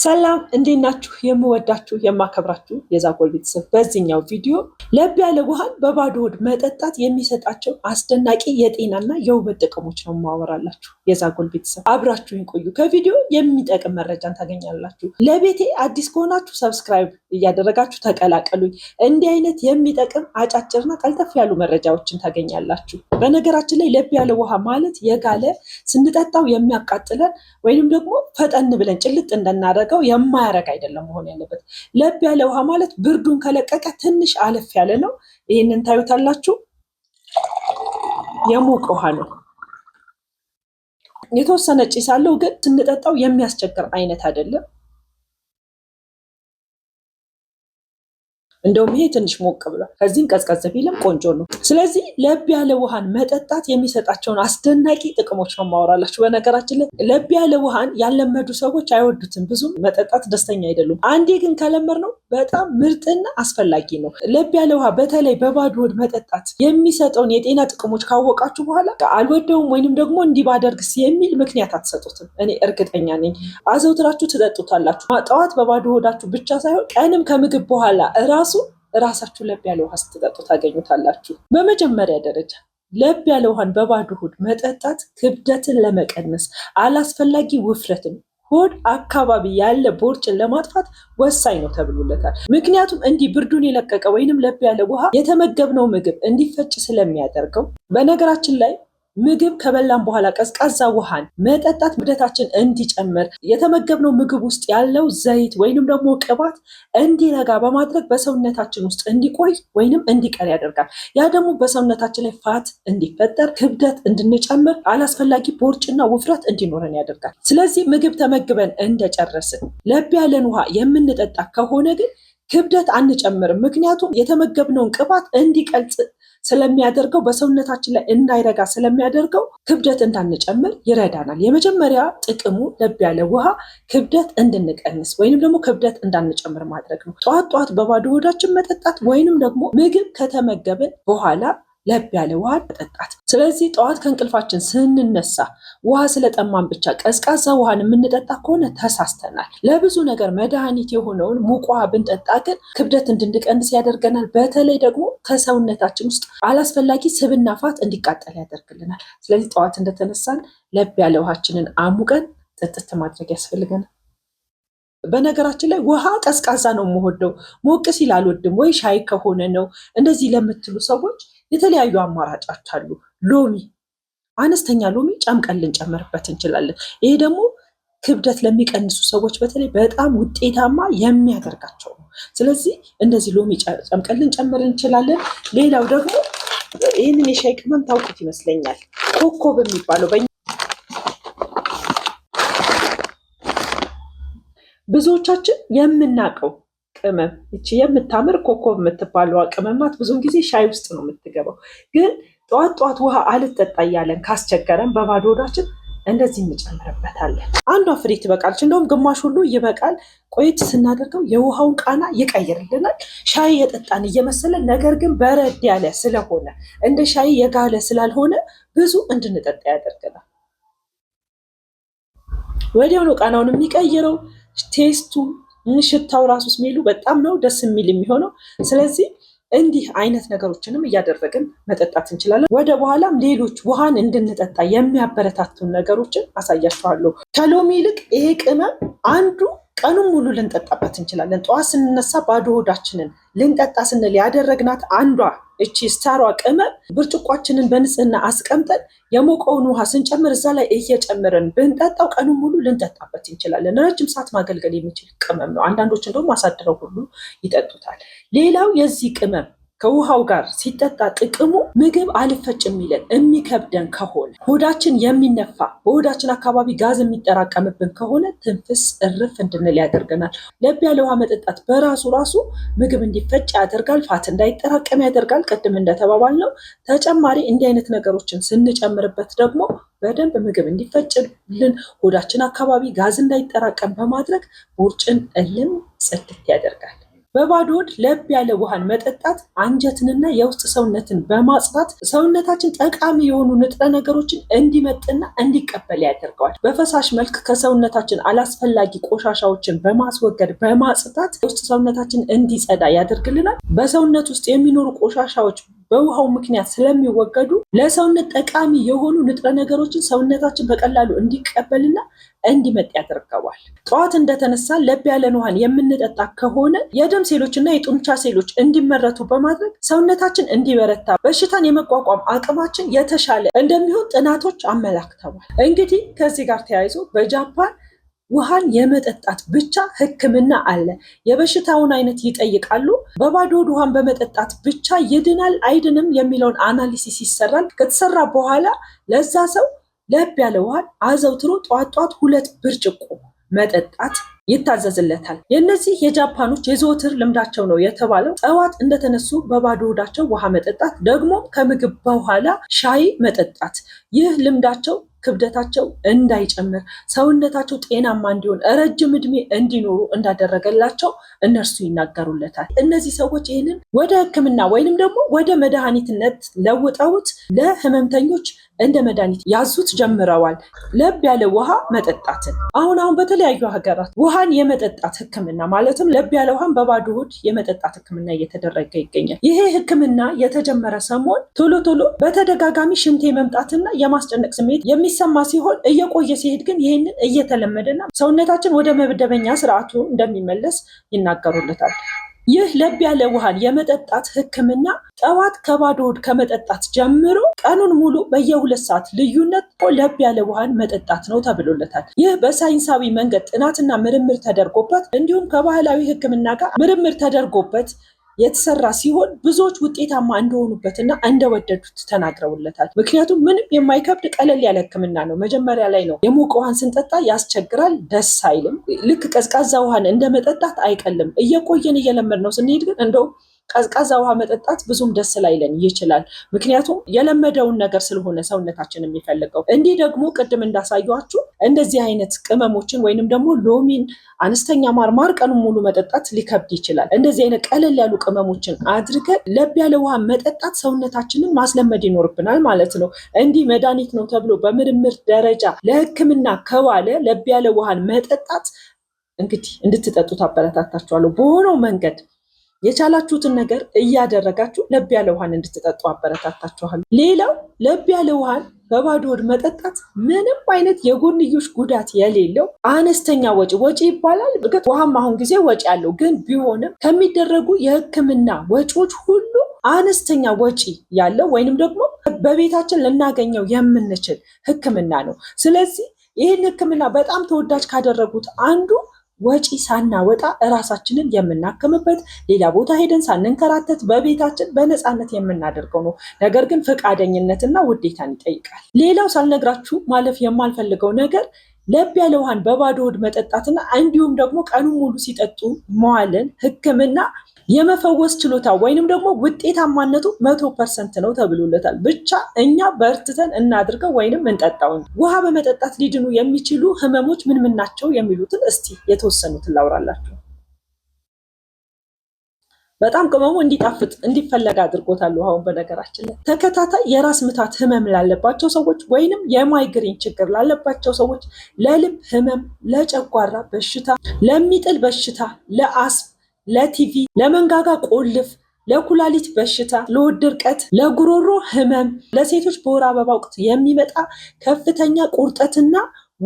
ሰላም እንዴት ናችሁ? የምወዳችሁ የማከብራችሁ የዛጎል ቤተሰብ፣ በዚህኛው ቪዲዮ ለብ ያለ ውሃን በባዶ ሆድ መጠጣት የሚሰጣቸው አስደናቂ የጤናና የውበት ጥቅሞች ነው የማወራላችሁ። የዛጎል ቤተሰብ አብራችሁን ቆዩ። ከቪዲዮ የሚጠቅም መረጃን ታገኛላችሁ። ለቤቴ አዲስ ከሆናችሁ ሰብስክራይብ እያደረጋችሁ ተቀላቀሉኝ። እንዲህ አይነት የሚጠቅም አጫጭርና ቀልጠፍ ያሉ መረጃዎችን ታገኛላችሁ። በነገራችን ላይ ለብ ያለ ውሃ ማለት የጋለ ስንጠጣው የሚያቃጥለን ወይንም ደግሞ ፈጠን ብለን ጭልጥ እንደናደርገው የማያረግ አይደለም መሆን ያለበት። ለብ ያለ ውሃ ማለት ብርዱን ከለቀቀ ትንሽ አለፍ ያለ ነው። ይህንን ታዩታላችሁ። የሞቀ ውሃ ነው። የተወሰነ ጭስ አለው፣ ግን ስንጠጣው የሚያስቸግር አይነት አይደለም። እንደውም ይሄ ትንሽ ሞቅ ብሏል። ከዚህም ቀዝቀዝ ቢልም ቆንጆ ነው። ስለዚህ ለብ ያለ ውሃን መጠጣት የሚሰጣቸውን አስደናቂ ጥቅሞች ነው ማወራላችሁ። በነገራችን ላይ ለብ ያለ ውሃን ያለመዱ ሰዎች አይወዱትም፣ ብዙም መጠጣት ደስተኛ አይደሉም። አንዴ ግን ከለመድ ነው በጣም ምርጥና አስፈላጊ ነው። ለብ ያለ ውሃ በተለይ በባዶ ሆድ መጠጣት የሚሰጠውን የጤና ጥቅሞች ካወቃችሁ በኋላ አልወደውም ወይንም ደግሞ እንዲህ ባደርግስ የሚል ምክንያት አትሰጡትም። እኔ እርግጠኛ ነኝ አዘውትራችሁ ትጠጡታላችሁ። ጠዋት በባዶ ሆዳችሁ ብቻ ሳይሆን ቀንም ከምግብ በኋላ ራ እራሳችሁ ለብ ያለ ውሃ ስትጠጡ ታገኙታላችሁ። በመጀመሪያ ደረጃ ለብ ያለ ውሃን በባዶ ሆድ መጠጣት ክብደትን ለመቀነስ፣ አላስፈላጊ ውፍረትን፣ ሆድ አካባቢ ያለ ቦርጭን ለማጥፋት ወሳኝ ነው ተብሎለታል። ምክንያቱም እንዲህ ብርዱን የለቀቀ ወይንም ለብ ያለ ውሃ የተመገብነው ምግብ እንዲፈጭ ስለሚያደርገው በነገራችን ላይ ምግብ ከበላን በኋላ ቀዝቃዛ ውሃን መጠጣት ክብደታችን እንዲጨምር የተመገብነው ምግብ ውስጥ ያለው ዘይት ወይንም ደግሞ ቅባት እንዲረጋ በማድረግ በሰውነታችን ውስጥ እንዲቆይ ወይንም እንዲቀር ያደርጋል። ያ ደግሞ በሰውነታችን ላይ ፋት እንዲፈጠር፣ ክብደት እንድንጨምር፣ አላስፈላጊ ቦርጭና ውፍረት እንዲኖረን ያደርጋል። ስለዚህ ምግብ ተመግበን እንደጨረስን ለብ ያለን ውሃ የምንጠጣ ከሆነ ግን ክብደት አንጨምርም። ምክንያቱም የተመገብነውን ቅባት እንዲቀልጽ ስለሚያደርገው በሰውነታችን ላይ እንዳይረጋ ስለሚያደርገው ክብደት እንዳንጨምር ይረዳናል። የመጀመሪያ ጥቅሙ ለብ ያለ ውሃ ክብደት እንድንቀንስ ወይንም ደግሞ ክብደት እንዳንጨምር ማድረግ ነው። ጠዋት ጠዋት በባዶ ሆዳችን መጠጣት ወይንም ደግሞ ምግብ ከተመገብን በኋላ ለብ ያለ ውሃ መጠጣት። ስለዚህ ጠዋት ከእንቅልፋችን ስንነሳ ውሃ ስለጠማን ብቻ ቀዝቃዛ ውሃን የምንጠጣ ከሆነ ተሳስተናል። ለብዙ ነገር መድኃኒት የሆነውን ሙቅ ውሃ ብንጠጣ ግን ክብደት እንድንቀንስ ያደርገናል። በተለይ ደግሞ ከሰውነታችን ውስጥ አላስፈላጊ ስብና ፋት እንዲቃጠል ያደርግልናል። ስለዚህ ጠዋት እንደተነሳን ለብ ያለ ውሃችንን አሙቀን ጥጥት ማድረግ ያስፈልገናል። በነገራችን ላይ ውሃ ቀዝቃዛ ነው የምወደው፣ ሞቅ ሲል አልወድም ወይ ሻይ ከሆነ ነው እንደዚህ ለምትሉ ሰዎች የተለያዩ አማራጮች አሉ። ሎሚ፣ አነስተኛ ሎሚ ጨምቀን ልንጨምርበት እንችላለን። ይሄ ደግሞ ክብደት ለሚቀንሱ ሰዎች በተለይ በጣም ውጤታማ የሚያደርጋቸው ነው። ስለዚህ እንደዚህ ሎሚ ጨምቀን ልንጨምር እንችላለን። ሌላው ደግሞ ይህንን የሻይ ቅመም ታውቁት ይመስለኛል ኮከብ የሚባለው ብዙዎቻችን የምናውቀው ቅመም ይቺ የምታምር ኮከብ የምትባለዋ ቅመም ናት። ጊዜ ሻይ ውስጥ ነው የምትገባው። ግን ጠዋት ጠዋት ውሃ አልጠጣ እያለን ካስቸገረን በባዶ ሆዳችን እንደዚህ እንጨምርበታለን። አንዷ ፍሬ ትበቃለች፣ እንደውም ግማሽ ሁሉ ይበቃል። ቆየት ስናደርገው የውሃውን ቃና ይቀይርልናል። ሻይ የጠጣን እየመሰለ ነገር ግን በረድ ያለ ስለሆነ እንደ ሻይ የጋለ ስላልሆነ ብዙ እንድንጠጣ ያደርገናል። ወዲያውኑ ቃናውን የሚቀይረው ቴስቱ ሽታው ራሱ ስሜሉ በጣም ነው ደስ የሚል የሚሆነው። ስለዚህ እንዲህ አይነት ነገሮችንም እያደረግን መጠጣት እንችላለን። ወደ በኋላም ሌሎች ውሃን እንድንጠጣ የሚያበረታቱን ነገሮችን አሳያችኋለሁ። ከሎሚ ይልቅ ይሄ ቅመም አንዱ ቀኑን ሙሉ ልንጠጣበት እንችላለን። ጠዋት ስንነሳ ባዶ ሆዳችንን ልንጠጣ ስንል ያደረግናት አንዷ እቺ ስታሯ ቅመም ብርጭቋችንን በንጽህና አስቀምጠን የሞቀውን ውሃ ስንጨምር እዛ ላይ እየጨምርን ብንጠጣው ቀኑን ሙሉ ልንጠጣበት እንችላለን። ረጅም ሰዓት ማገልገል የሚችል ቅመም ነው። አንዳንዶች እንደውም አሳድረው ሁሉ ይጠጡታል። ሌላው የዚህ ቅመም ከውሃው ጋር ሲጠጣ ጥቅሙ ምግብ አልፈጭ የሚለን የሚከብደን ከሆነ ሆዳችን የሚነፋ በሆዳችን አካባቢ ጋዝ የሚጠራቀምብን ከሆነ ትንፍስ እርፍ እንድንል ያደርገናል። ለብ ያለ ውሃ መጠጣት በራሱ ራሱ ምግብ እንዲፈጭ ያደርጋል። ፋት እንዳይጠራቀም ያደርጋል። ቅድም እንደተባባል ነው። ተጨማሪ እንዲህ አይነት ነገሮችን ስንጨምርበት ደግሞ በደንብ ምግብ እንዲፈጭልን ሆዳችን አካባቢ ጋዝ እንዳይጠራቀም በማድረግ ቦርጭን እልም ጽድት ያደርጋል። በባዶ ሆድ ለብ ያለ ውሃን መጠጣት አንጀትንና የውስጥ ሰውነትን በማጽዳት ሰውነታችን ጠቃሚ የሆኑ ንጥረ ነገሮችን እንዲመጥና እንዲቀበል ያደርገዋል። በፈሳሽ መልክ ከሰውነታችን አላስፈላጊ ቆሻሻዎችን በማስወገድ በማጽዳት የውስጥ ሰውነታችን እንዲጸዳ ያደርግልናል። በሰውነት ውስጥ የሚኖሩ ቆሻሻዎች በውሃው ምክንያት ስለሚወገዱ ለሰውነት ጠቃሚ የሆኑ ንጥረ ነገሮችን ሰውነታችን በቀላሉ እንዲቀበልና እንዲመጥ ያደርገዋል። ጠዋት እንደተነሳ ለብ ያለን ውሃን የምንጠጣ ከሆነ የደም ሴሎችና የጡንቻ ሴሎች እንዲመረቱ በማድረግ ሰውነታችን እንዲበረታ፣ በሽታን የመቋቋም አቅማችን የተሻለ እንደሚሆን ጥናቶች አመላክተዋል። እንግዲህ ከዚህ ጋር ተያይዞ በጃፓን ውሃን የመጠጣት ብቻ ህክምና አለ። የበሽታውን አይነት ይጠይቃሉ። በባዶ ሆድ ውሃን በመጠጣት ብቻ ይድናል አይድንም የሚለውን አናሊሲስ ይሰራል። ከተሰራ በኋላ ለዛ ሰው ለብ ያለ ውሃን አዘውትሮ ጠዋት ጠዋት ሁለት ብርጭቆ መጠጣት ይታዘዝለታል። የእነዚህ የጃፓኖች የዘወትር ልምዳቸው ነው የተባለው ጠዋት እንደተነሱ በባዶ ሆዳቸው ውሃ መጠጣት፣ ደግሞም ከምግብ በኋላ ሻይ መጠጣት። ይህ ልምዳቸው ክብደታቸው እንዳይጨምር፣ ሰውነታቸው ጤናማ እንዲሆን፣ ረጅም እድሜ እንዲኖሩ እንዳደረገላቸው እነርሱ ይናገሩለታል። እነዚህ ሰዎች ይህንን ወደ ሕክምና ወይንም ደግሞ ወደ መድኃኒትነት ለውጠውት ለህመምተኞች እንደ መድኃኒት ያዙት ጀምረዋል። ለብ ያለ ውሃ መጠጣትን አሁን አሁን በተለያዩ ሀገራት ውሃን የመጠጣት ሕክምና ማለትም ለብ ያለ ውሃን በባዶ ሆድ የመጠጣት ሕክምና እየተደረገ ይገኛል። ይሄ ሕክምና የተጀመረ ሰሞን ቶሎ ቶሎ በተደጋጋሚ ሽንቴ መምጣትና የማስጨነቅ ስሜት የሚ የሚሰማ ሲሆን እየቆየ ሲሄድ ግን ይህንን እየተለመደና ሰውነታችን ወደ መደበኛ ስርዓቱ እንደሚመለስ ይናገሩለታል። ይህ ለብ ያለ ውሃን የመጠጣት ህክምና ጠዋት ከባዶ ሆድ ከመጠጣት ጀምሮ ቀኑን ሙሉ በየሁለት ሰዓት ልዩነት ለብ ያለ ውሃን መጠጣት ነው ተብሎለታል። ይህ በሳይንሳዊ መንገድ ጥናትና ምርምር ተደርጎበት እንዲሁም ከባህላዊ ህክምና ጋር ምርምር ተደርጎበት የተሰራ ሲሆን ብዙዎች ውጤታማ እንደሆኑበትና እንደወደዱት ተናግረውለታል። ምክንያቱም ምንም የማይከብድ ቀለል ያለ ሕክምና ነው። መጀመሪያ ላይ ነው የሞቀ ውሃን ስንጠጣ ያስቸግራል፣ ደስ አይልም። ልክ ቀዝቃዛ ውሃን እንደመጠጣት አይቀልም። እየቆየን እየለመድ ነው ስንሄድ ግን እንደውም ቀዝቃዛ ውሃ መጠጣት ብዙም ደስ ላይለን ይችላል። ምክንያቱም የለመደውን ነገር ስለሆነ ሰውነታችን የሚፈልገው። እንዲህ ደግሞ ቅድም እንዳሳየኋችሁ እንደዚህ አይነት ቅመሞችን ወይንም ደግሞ ሎሚን አነስተኛ ማር ማር ቀኑን ሙሉ መጠጣት ሊከብድ ይችላል። እንደዚህ አይነት ቀለል ያሉ ቅመሞችን አድርገን ለብ ያለ ውሃ መጠጣት ሰውነታችንን ማስለመድ ይኖርብናል ማለት ነው። እንዲህ መድኃኒት ነው ተብሎ በምርምር ደረጃ ለሕክምና ከዋለ ለብ ያለ ውሃን መጠጣት እንግዲህ እንድትጠጡት አበረታታችኋለሁ በሆነው መንገድ የቻላችሁትን ነገር እያደረጋችሁ ለብ ያለ ውሃን እንድትጠጡ አበረታታችኋል ሌላው ለብ ያለ ውሃን በባዶ ሆድ መጠጣት ምንም አይነት የጎንዮሽ ጉዳት የሌለው አነስተኛ ወጪ ወጪ ይባላል። እርግጥ ውሃም አሁን ጊዜ ወጪ አለው ግን ቢሆንም ከሚደረጉ የሕክምና ወጪዎች ሁሉ አነስተኛ ወጪ ያለው ወይንም ደግሞ በቤታችን ልናገኘው የምንችል ሕክምና ነው። ስለዚህ ይህን ሕክምና በጣም ተወዳጅ ካደረጉት አንዱ ወጪ ሳናወጣ እራሳችንን የምናክምበት ሌላ ቦታ ሄደን ሳንንከራተት በቤታችን በነፃነት የምናደርገው ነው። ነገር ግን ፈቃደኝነትና ውዴታን ይጠይቃል። ሌላው ሳልነግራችሁ ማለፍ የማልፈልገው ነገር ለብ ያለ ውሃን በባዶ ሆድ መጠጣትና እንዲሁም ደግሞ ቀኑን ሙሉ ሲጠጡ መዋልን ሕክምና የመፈወስ ችሎታ ወይንም ደግሞ ውጤታማነቱ መቶ ፐርሰንት ነው ተብሎለታል። ብቻ እኛ በርትተን እናድርገው ወይንም እንጠጣው። ውሃ በመጠጣት ሊድኑ የሚችሉ ህመሞች ምን ምን ናቸው የሚሉትን እስቲ የተወሰኑትን ላውራላችሁ። በጣም ቅመሙ እንዲጣፍጥ እንዲፈለግ አድርጎታል ውሃውን። በነገራችን ላይ ተከታታይ የራስ ምታት ህመም ላለባቸው ሰዎች ወይንም የማይግሪን ችግር ላለባቸው ሰዎች፣ ለልብ ህመም፣ ለጨጓራ በሽታ፣ ለሚጥል በሽታ፣ ለአስ ለቲቪ፣ ለመንጋጋ ቆልፍ፣ ለኩላሊት በሽታ፣ ለሆድ ድርቀት፣ ለጉሮሮ ህመም፣ ለሴቶች በወር አበባ ወቅት የሚመጣ ከፍተኛ ቁርጠትና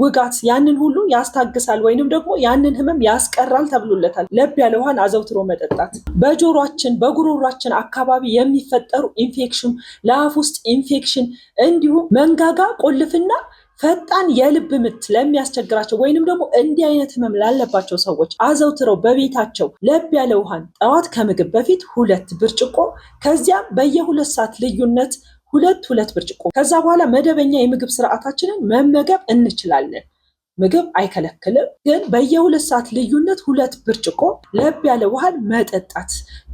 ውጋት ያንን ሁሉ ያስታግሳል ወይንም ደግሞ ያንን ህመም ያስቀራል ተብሎለታል። ለብ ያለ ውሃን አዘውትሮ መጠጣት፣ በጆሯችን በጉሮሯችን አካባቢ የሚፈጠሩ ኢንፌክሽን፣ ለአፍ ውስጥ ኢንፌክሽን እንዲሁም መንጋጋ ቆልፍና ፈጣን የልብ ምት ለሚያስቸግራቸው ወይንም ደግሞ እንዲህ አይነት ህመም ላለባቸው ሰዎች አዘውትረው በቤታቸው ለብ ያለ ውሃን ጠዋት ከምግብ በፊት ሁለት ብርጭቆ ከዚያም በየሁለት ሰዓት ልዩነት ሁለት ሁለት ብርጭቆ ከዛ በኋላ መደበኛ የምግብ ስርዓታችንን መመገብ እንችላለን። ምግብ አይከለክልም፣ ግን በየሁለት ሰዓት ልዩነት ሁለት ብርጭቆ ለብ ያለ ውሃን መጠጣት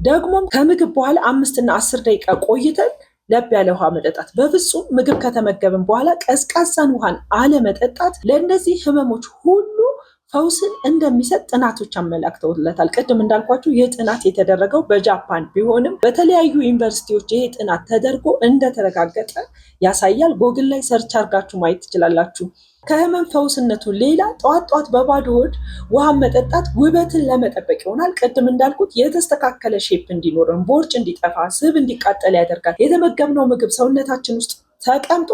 ደግሞም ከምግብ በኋላ አምስትና አስር ደቂቃ ቆይተን ለብ ያለ ውሃ መጠጣት በፍጹም ምግብ ከተመገብን በኋላ ቀዝቃዛን ውሃን አለመጠጣት ለእነዚህ ህመሞች ሁሉ ፈውስን እንደሚሰጥ ጥናቶች አመላክተውለታል። ቅድም እንዳልኳችሁ ይህ ጥናት የተደረገው በጃፓን ቢሆንም በተለያዩ ዩኒቨርሲቲዎች ይሄ ጥናት ተደርጎ እንደተረጋገጠ ያሳያል። ጎግል ላይ ሰርች አድርጋችሁ ማየት ትችላላችሁ። ከህመም ፈውስነቱ ሌላ ጠዋት ጠዋት በባዶ ሆድ ውሃ መጠጣት ውበትን ለመጠበቅ ይሆናል። ቅድም እንዳልኩት የተስተካከለ ሼፕ እንዲኖረን፣ ቦርጭ እንዲጠፋ፣ ስብ እንዲቃጠል ያደርጋል። የተመገብነው ምግብ ሰውነታችን ውስጥ ተቀምጦ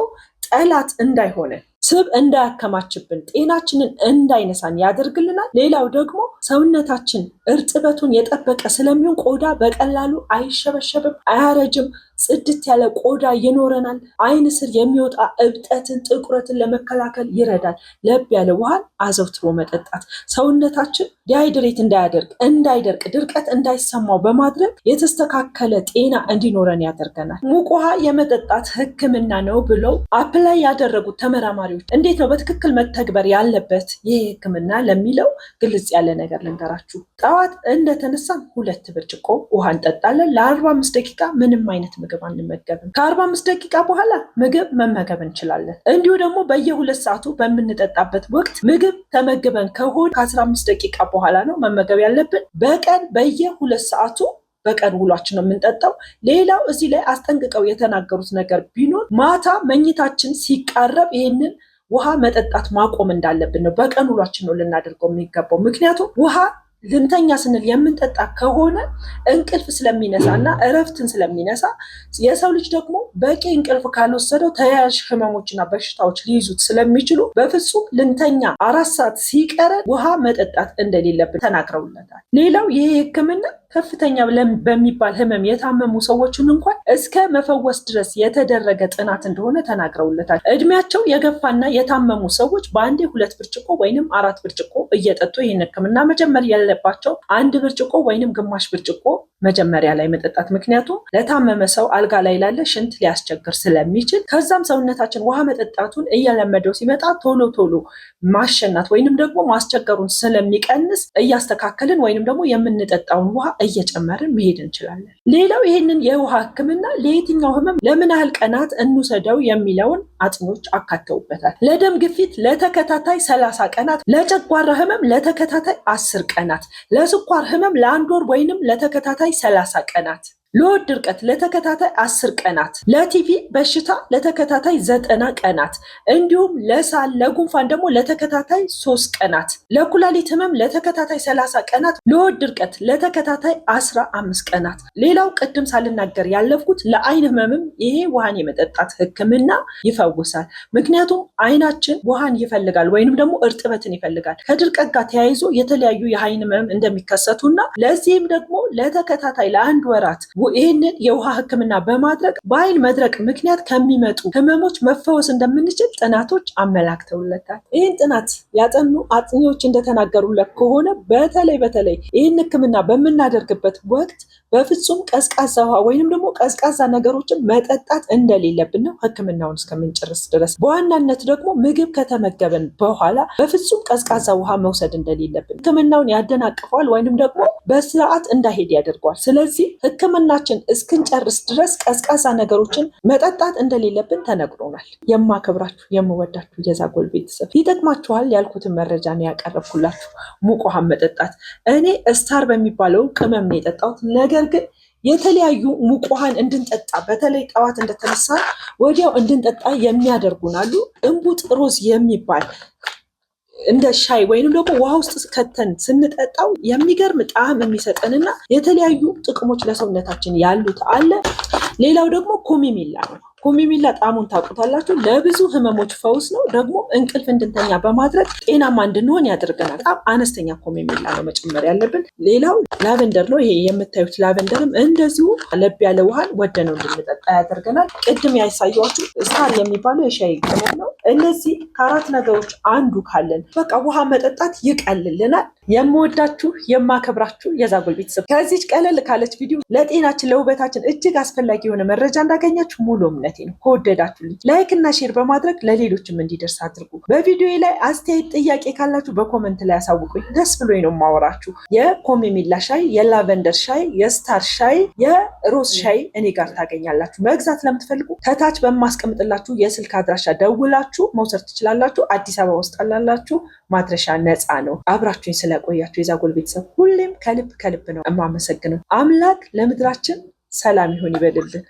ጠላት እንዳይሆነ ስብ እንዳያከማችብን ጤናችንን እንዳይነሳን ያደርግልናል። ሌላው ደግሞ ሰውነታችን እርጥበቱን የጠበቀ ስለሚሆን ቆዳ በቀላሉ አይሸበሸብም፣ አያረጅም። ጽድት ያለ ቆዳ ይኖረናል። አይን ስር የሚወጣ እብጠትን፣ ጥቁረትን ለመከላከል ይረዳል። ለብ ያለ ውሃን አዘውትሮ መጠጣት ሰውነታችን ዲሃይድሬት እንዳያደርግ፣ እንዳይደርቅ፣ ድርቀት እንዳይሰማው በማድረግ የተስተካከለ ጤና እንዲኖረን ያደርገናል። ሙቅ ውሃ የመጠጣት ሕክምና ነው ብለው አፕላይ ያደረጉት ተመራማሪዎች እንዴት ነው በትክክል መተግበር ያለበት ይህ ሕክምና ለሚለው ግልጽ ያለ ነገር ልንገራችሁ። ጠዋት እንደተነሳን ሁለት ብርጭቆ ውሃ እንጠጣለን። ለአርባ አምስት ደቂቃ ምንም አይነት ምግብ አንመገብም። ከአርባ አምስት ደቂቃ በኋላ ምግብ መመገብ እንችላለን። እንዲሁ ደግሞ በየሁለት ሰዓቱ በምንጠጣበት ወቅት ምግብ ተመግበን ከሆን ከአስራ አምስት ደቂቃ በኋላ ነው መመገብ ያለብን። በቀን በየሁለት ሰዓቱ በቀን ውሏችን ነው የምንጠጣው። ሌላው እዚህ ላይ አስጠንቅቀው የተናገሩት ነገር ቢኖር ማታ መኝታችን ሲቃረብ ይህንን ውሃ መጠጣት ማቆም እንዳለብን ነው። በቀን ውሏችን ነው ልናደርገው የሚገባው። ምክንያቱም ውሃ ልንተኛ ስንል የምንጠጣ ከሆነ እንቅልፍ ስለሚነሳ እና እረፍትን ስለሚነሳ የሰው ልጅ ደግሞ በቂ እንቅልፍ ካልወሰደው ተያያዥ ህመሞችና በሽታዎች ሊይዙት ስለሚችሉ በፍጹም ልንተኛ አራት ሰዓት ሲቀረ ውሃ መጠጣት እንደሌለብን ተናግረውለታል። ሌላው ይሄ ህክምና ከፍተኛ በሚባል ህመም የታመሙ ሰዎችን እንኳን እስከ መፈወስ ድረስ የተደረገ ጥናት እንደሆነ ተናግረውለታል። እድሜያቸው የገፋና የታመሙ ሰዎች በአንዴ ሁለት ብርጭቆ ወይንም አራት ብርጭቆ እየጠጡ ይህን ህክምና መጀመር ካለባቸው አንድ ብርጭቆ ወይንም ግማሽ ብርጭቆ መጀመሪያ ላይ መጠጣት። ምክንያቱም ለታመመ ሰው አልጋ ላይ ላለ ሽንት ሊያስቸግር ስለሚችል፣ ከዛም ሰውነታችን ውሃ መጠጣቱን እየለመደው ሲመጣ ቶሎ ቶሎ ማሸናት ወይንም ደግሞ ማስቸገሩን ስለሚቀንስ እያስተካከልን ወይንም ደግሞ የምንጠጣውን ውሃ እየጨመርን መሄድ እንችላለን። ሌላው ይህንን የውሃ ሕክምና ለየትኛው ህመም ለምን ያህል ቀናት እንውሰደው የሚለውን አጥኞች አካተውበታል። ለደም ግፊት ለተከታታይ ሰላሳ ቀናት፣ ለጨጓራ ህመም ለተከታታይ አስር ቀናት፣ ለስኳር ህመም ለአንድ ወር ወይንም ለተከታታይ ላይ ሰላሳ ቀናት ለሆድ ድርቀት ለተከታታይ አስር ቀናት፣ ለቲቪ በሽታ ለተከታታይ ዘጠና ቀናት እንዲሁም ለሳል ለጉንፋን ደግሞ ለተከታታይ ሶስት ቀናት፣ ለኩላሊት ህመም ለተከታታይ ሰላሳ ቀናት፣ ለሆድ ድርቀት ለተከታታይ አስራ አምስት ቀናት። ሌላው ቅድም ሳልናገር ያለፍኩት ለአይን ህመምም ይሄ ውሃን የመጠጣት ህክምና ይፈውሳል። ምክንያቱም አይናችን ውሃን ይፈልጋል ወይንም ደግሞ እርጥበትን ይፈልጋል። ከድርቀት ጋር ተያይዞ የተለያዩ የአይን ህመም እንደሚከሰቱና ለዚህም ደግሞ ለተከታታይ ለአንድ ወራት ይህንን የውሃ ህክምና በማድረግ በአይን መድረቅ ምክንያት ከሚመጡ ህመሞች መፈወስ እንደምንችል ጥናቶች አመላክተውለታል። ይህን ጥናት ያጠኑ አጥኚዎች እንደተናገሩለት ከሆነ በተለይ በተለይ ይህን ህክምና በምናደርግበት ወቅት በፍጹም ቀዝቃዛ ውሃ ወይንም ደግሞ ቀዝቃዛ ነገሮችን መጠጣት እንደሌለብን ነው ህክምናውን እስከምንጨርስ ድረስ። በዋናነት ደግሞ ምግብ ከተመገበን በኋላ በፍጹም ቀዝቃዛ ውሃ መውሰድ እንደሌለብን ህክምናውን ያደናቅፈዋል ወይንም ደግሞ በስርዓት እንዳይሄድ ያደርገዋል። ስለዚህ ህክምና ሰውነታችን እስክንጨርስ ድረስ ቀዝቃዛ ነገሮችን መጠጣት እንደሌለብን ተነግሮናል። የማከብራችሁ የምወዳችሁ የዛጎል ቤተሰብ ይጠቅማችኋል ያልኩትን መረጃ ነው ያቀረብኩላችሁ። ሙቅ ውሃ መጠጣት እኔ ስታር በሚባለው ቅመም ነው የጠጣሁት። ነገር ግን የተለያዩ ሙቅ ውሃን እንድንጠጣ በተለይ ጠዋት እንደተነሳ ወዲያው እንድንጠጣ የሚያደርጉናሉ እንቡጥ ሮዝ የሚባል እንደ ሻይ ወይንም ደግሞ ውሃ ውስጥ ከተን ስንጠጣው የሚገርም ጣዕም የሚሰጠንና የተለያዩ ጥቅሞች ለሰውነታችን ያሉት አለ። ሌላው ደግሞ ኮሚሚላ ነው። ኮሚሚላ ጣሙን ታውቁታላችሁ። ለብዙ ህመሞች ፈውስ ነው። ደግሞ እንቅልፍ እንድንተኛ በማድረግ ጤናማ እንድንሆን ያደርገናል። በጣም አነስተኛ ኮሚሚላ ነው መጨመር ያለብን። ሌላው ላቨንደር ነው። ይሄ የምታዩት ላቨንደርም እንደዚሁ ለብ ያለ ውሃን ወደ ነው እንድንጠጣ ያደርገናል። ቅድም ያሳየኋችሁ ሳር የሚባለው የሻይ ቅመም ነው። እነዚህ ከአራት ነገሮች አንዱ ካለን በቃ ውሃ መጠጣት ይቀልልናል። የምወዳችሁ የማከብራችሁ የዛጎል ቤተሰብ ከዚች ቀለል ካለች ቪዲዮ ለጤናችን ለውበታችን እጅግ አስፈላጊ የሆነ መረጃ እንዳገኛችሁ ሙሉ እምነቴ ነው። ከወደዳችሁልኝ ላይክ እና ሼር በማድረግ ለሌሎችም እንዲደርስ አድርጉ። በቪዲዮ ላይ አስተያየት፣ ጥያቄ ካላችሁ በኮመንት ላይ አሳውቁኝ። ደስ ብሎኝ ነው የማወራችሁ። የኮሚሚላ ሻይ፣ የላቨንደር ሻይ፣ የስታር ሻይ፣ የሮዝ ሻይ እኔ ጋር ታገኛላችሁ። መግዛት ለምትፈልጉ ከታች በማስቀምጥላችሁ የስልክ አድራሻ ደውላችሁ መውሰድ ትችላላችሁ። አዲስ አበባ ውስጥ ላላችሁ ማድረሻ ነፃ ነው። አብራችሁኝ ስለቆያችሁ የዛጎል ቤተሰብ ሁሌም ከልብ ከልብ ነው የማመሰግነው። አምላክ ለምድራችን ሰላም ይሁን ይበልልን።